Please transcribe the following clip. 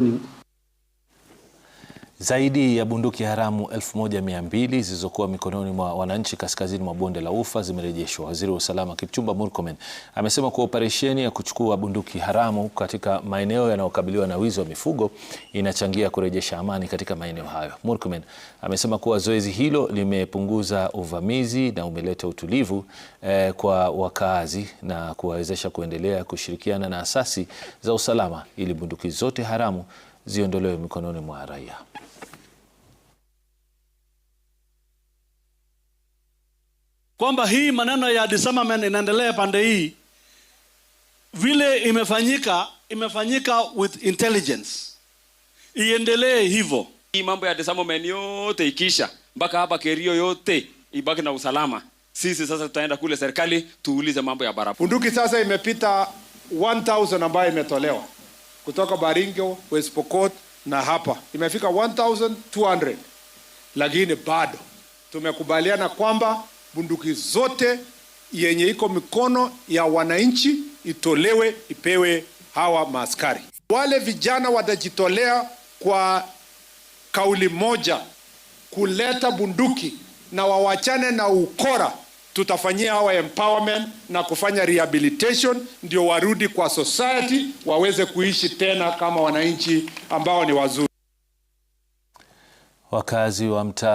Mm. Zaidi ya bunduki haramu 1200 zilizokuwa mikononi mwa wananchi kaskazini mwa bonde la Ufa zimerejeshwa. Waziri wa usalama Kipchumba Murkomen amesema kuwa operesheni ya kuchukua bunduki haramu katika maeneo yanayokabiliwa na wizi wa mifugo inachangia kurejesha amani katika maeneo hayo. Murkomen amesema kuwa zoezi hilo limepunguza uvamizi na umeleta utulivu eh, kwa wakaazi na kuwawezesha kuendelea kushirikiana na asasi za usalama ili bunduki zote haramu ziondolewe mikononi mwa raia. Kwamba hii maneno ya disarmament inaendelea pande hii, vile imefanyika imefanyika with intelligence, iendelee hivyo. Hii mambo ya disarmament yote ikiisha, mpaka hapa Kerio yote ibaki na usalama. Sisi sasa tutaenda kule serikali tuulize mambo ya barabara. Bunduki sasa imepita 1000 ambayo imetolewa kutoka Baringo, West Pokot na hapa imefika 1200 lakini bado tumekubaliana kwamba bunduki zote yenye iko mikono ya wananchi itolewe, ipewe hawa maaskari. Wale vijana watajitolea kwa kauli moja kuleta bunduki na wawachane na ukora tutafanyia hawa empowerment na kufanya rehabilitation, ndio warudi kwa society waweze kuishi tena kama wananchi ambao ni wazuri. Wakazi wa mtaa